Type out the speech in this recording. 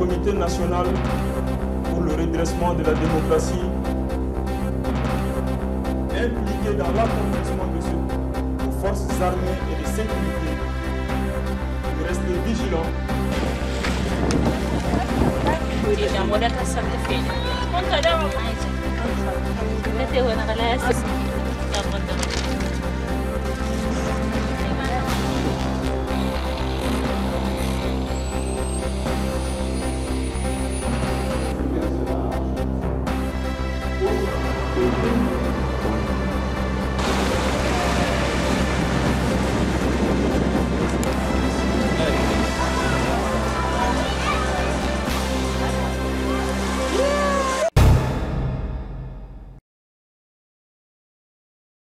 Comité national pour le redressement de la démocratie impliqué dans l'accomplissement de ce aux forces armées et de sécurité de rester vigilant. Thank you.